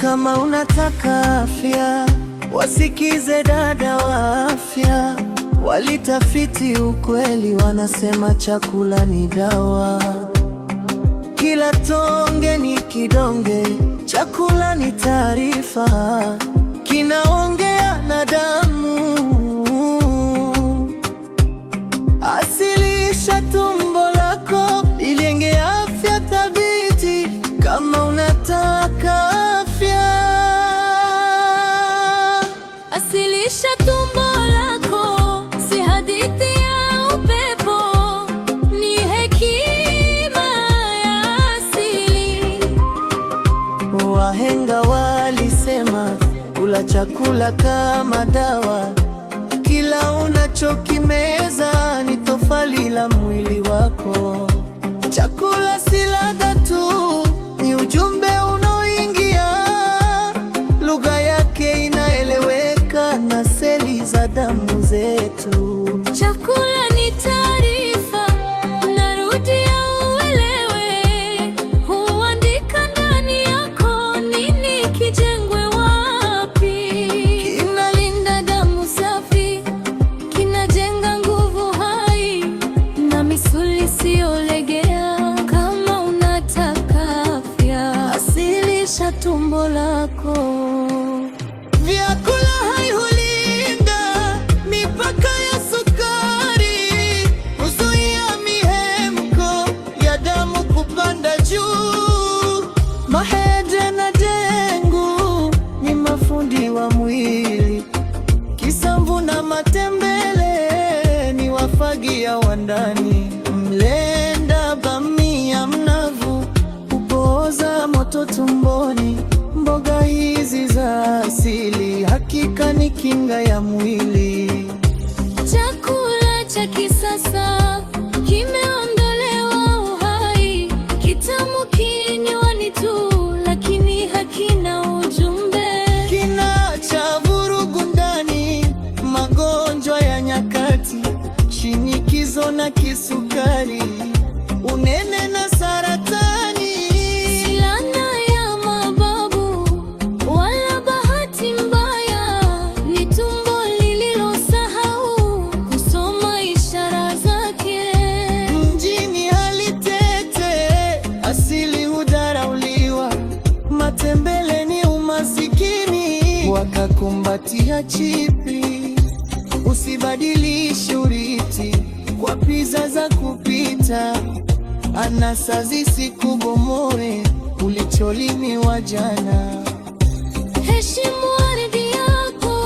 Kama unataka afya, wasikize dada wa afya. Walitafiti ukweli, wanasema chakula ni dawa. Kila tonge ni kidonge, chakula ni taarifa kinao Lisha tumbo lako, si hadithi ya upepo, ni hekima ya asili. Wahenga walisema kula chakula kama dawa, kila unachokimeza ni tofali la mwili wako Chaku chetu. Chakula ni taarifa, narudia uelewe, huandika ndani yako, nini kijengwe wapi. Kinalinda damu safi, kinajenga nguvu hai na misuli isiyolegea. Kama unataka afya, asilisha tumbo lako. wa ndani. Mlenda, bamia, mnavu kupoza moto tumboni. Mboga hizi za asili hakika ni kinga ya mwili. Chakula cha na kisukari, unene na saratani. Silana ya mababu wala bahati mbaya, ni tumbo lililosahau kusoma ishara zake. Mjini hali tete, asili hudharauliwa, matembele ni umasikini, wakakumbatia chipi. usibadilishe urithi kwa piza za kupita, anasa zisikubomoe ulicholimiwa jana. Heshimu ardhi yako,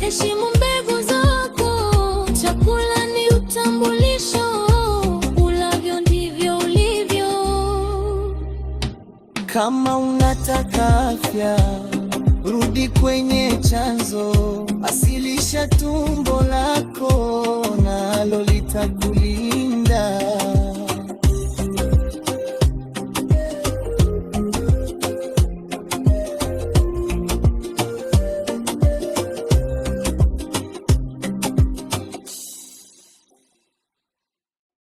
heshimu mbegu zako. Chakula ni utambulisho, ulavyo ndivyo ulivyo. Kama unataka afya rudi kwenye chanzo, asilisha tumbo lako nalo utakulia